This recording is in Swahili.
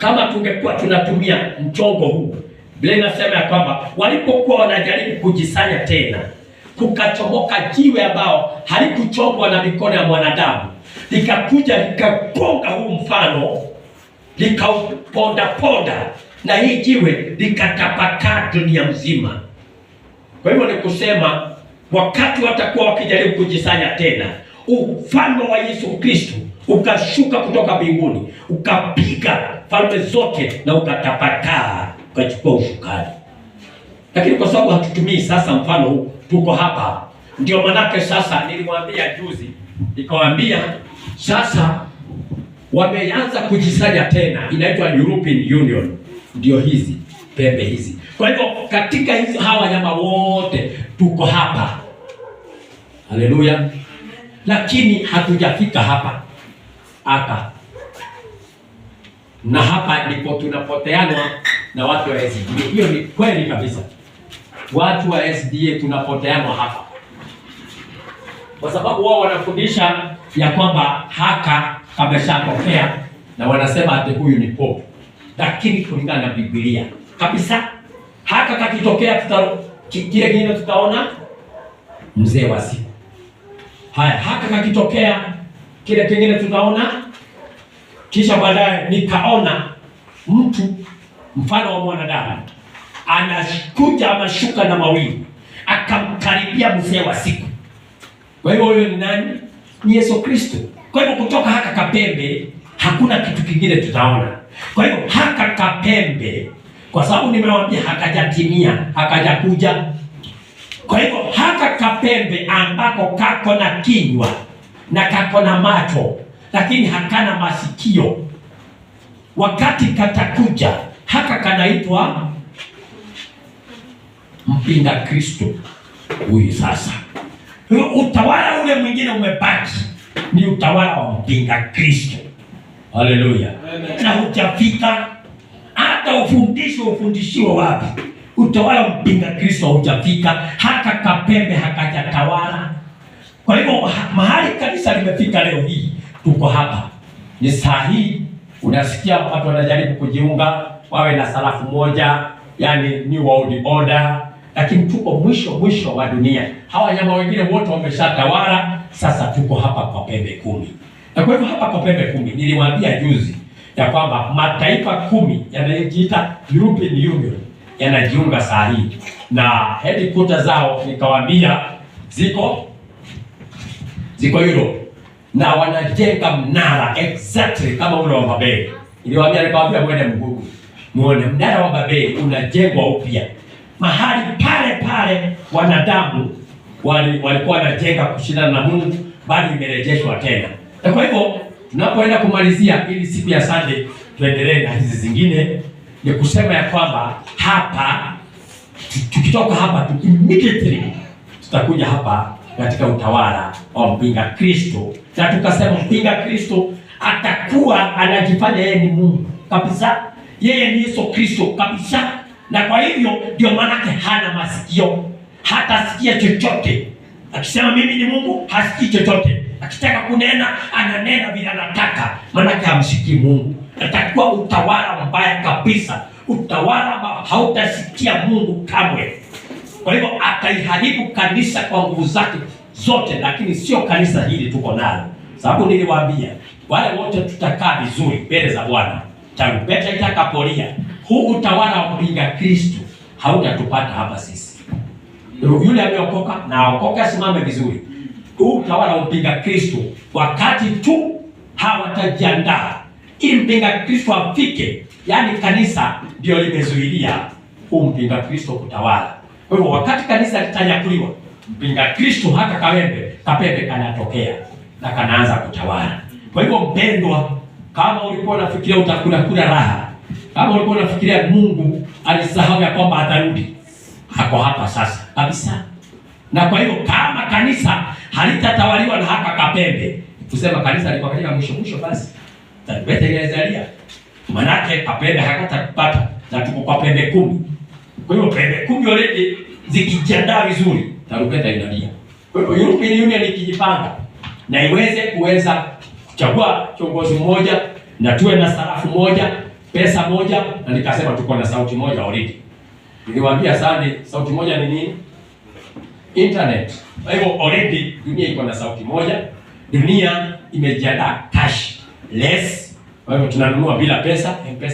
kama tungekuwa tunatumia mchongo huu. Biblia inasema ya kwamba walipokuwa wanajaribu kujisanya tena, kukachomoka jiwe ambao halikuchongwa na mikono ya mwanadamu, likakuja likaponga huu mfano, likaupondaponda na hii jiwe likatapakaa dunia mzima. Kwa hivyo ni kusema wakati watakuwa wakijaribu kujisanya tena, ufalme wa Yesu Kristo ukashuka kutoka mbinguni ukapiga falme zote na ukatapakaa ukachukua ushukani. Lakini kwa sababu hatutumii sasa mfano huu, tuko hapa, ndio manake sasa nilimwambia juzi, nikawambia sasa wameanza kujisanya tena, inaitwa European Union, ndio hizi pembe hizi. Kwa hivyo katika hizi hawa wanyama wote tuko hapa, haleluya, lakini hatujafika hapa hata na hapa ndipo tunapoteanwa na watu wa SDA. Hiyo ni kweli kabisa, watu wa SDA tunapoteanwa hapa, kwa sababu wao wanafundisha ya kwamba haka kameshatokea na wanasema ati huyu ni pope, lakini kulingana na Biblia kabisa haka kakitokea, kile kingine tutaona mzee wa siku. Haya, haka kakitokea kile kingine tutaona kisha baadaye nikaona mtu mfano wa mwanadamu anakuja mashuka na mawili akamkaribia mzee wa siku. Kwa hiyo huyo ni nani? Ni Yesu Kristo. Kwa hivyo kutoka haka kapembe hakuna kitu kingine tutaona. Kwa hivyo haka kapembe, kwa sababu nimewambia hakajatimia, hakajakuja. Kwa hivyo haka kapembe ambako kako na kinywa na kako na macho lakini hakana masikio, wakati katakuja haka kanaitwa mpinga Kristo huyu. Sasa utawala ule mwingine umebaki ni utawala wa mpinga Kristo. Haleluya! na hujafika hata ufundisho ufundishiwe wapi, utawala wa mpinga Kristo haujafika, haka kapembe hakajatawala kwa hivyo mahali kanisa limefika leo hii, tuko hapa, ni sahihi. Unasikia watu wanajaribu kujiunga wawe na sarafu moja, yani new world order, lakini tuko mwisho mwisho wa dunia. Hawa wanyama wengine wote wameshatawala, sasa tuko hapa kwa pembe kumi. Na kwa hivyo hapa kwa pembe kumi, niliwaambia juzi ya kwamba mataifa kumi yanayojiita European Union yanajiunga saa hii na headquarters zao, nikawaambia ziko ziko hilo na wanajenga mnara exactly kama ule wa Babeli. Niliwaambia nikamwambia mwende Mgugu muone mnara wa Babeli unajengwa upya mahali pale pale wanadamu walikuwa wanajenga kushindana na Mungu, bali imerejeshwa tena. Na kwa hivyo tunapoenda kumalizia ili siku ya Sunday tuendelee na hizi zingine, ni kusema ya kwamba hapa tukitoka hapa immediately tutakuja hapa katika utawala wa mpinga Kristo, na tukasema mpinga Kristo atakuwa anajifanya yeye ni Mungu kabisa, yeye ni Yesu Kristo kabisa, na kwa hivyo ndio maanake hana masikio, hatasikia chochote. Akisema mimi ni Mungu hasikii chochote, akitaka kunena ananena vile anataka, maanake hamsikii Mungu. Atakuwa utawala mbaya kabisa, utawala ambao hautasikia Mungu kamwe. Kwa hivyo ataiharibu kanisa kwa nguvu zake zote, lakini sio kanisa hili tuko nalo, sababu niliwaambia wale wote tutakaa vizuri mbele za Bwana tarumbeta itakapolia. Huu utawala wa kupinga Kristo hautatupata hapa sisi. Yule ameokoka na aokoke asimame vizuri. Huu utawala wa kupinga Kristo, wakati tu hawatajiandaa ili mpinga Kristo afike, yaani kanisa ndio limezuilia huu mpinga Kristo kutawala. Kwa hivyo wakati kanisa litanyakuliwa, mpinga Kristo hata kawembe kapembe kanatokea na kanaanza kutawala. Kwa hivyo mpendwa, kama ulikuwa unafikiria utakula kula raha, kama ulikuwa unafikiria Mungu alisahau ya kwamba atarudi, hako hapa sasa kabisa. Na kwa hiyo kama kanisa halitatawaliwa na haka kapembe, kusema kanisa liko katika mwisho mwisho, basi tatubete ile Zalia, manake kapembe hakata kupata na tuko kwa pembe kumi kwa hiyo pepe kumbe walete zikijiandaa vizuri, tarumbeta inalia. Kwa hiyo European Union ikijipanga na iweze kuweza kuchagua kiongozi mmoja na tuwe na sarafu moja, pesa moja, na nikasema tuko na sauti moja already. Niliwaambia sana sauti moja ni nini? Internet. Kwa hivyo already dunia iko na sauti moja. Dunia imejiandaa cash less. Kwa hivyo tunanunua bila pesa, M-Pesa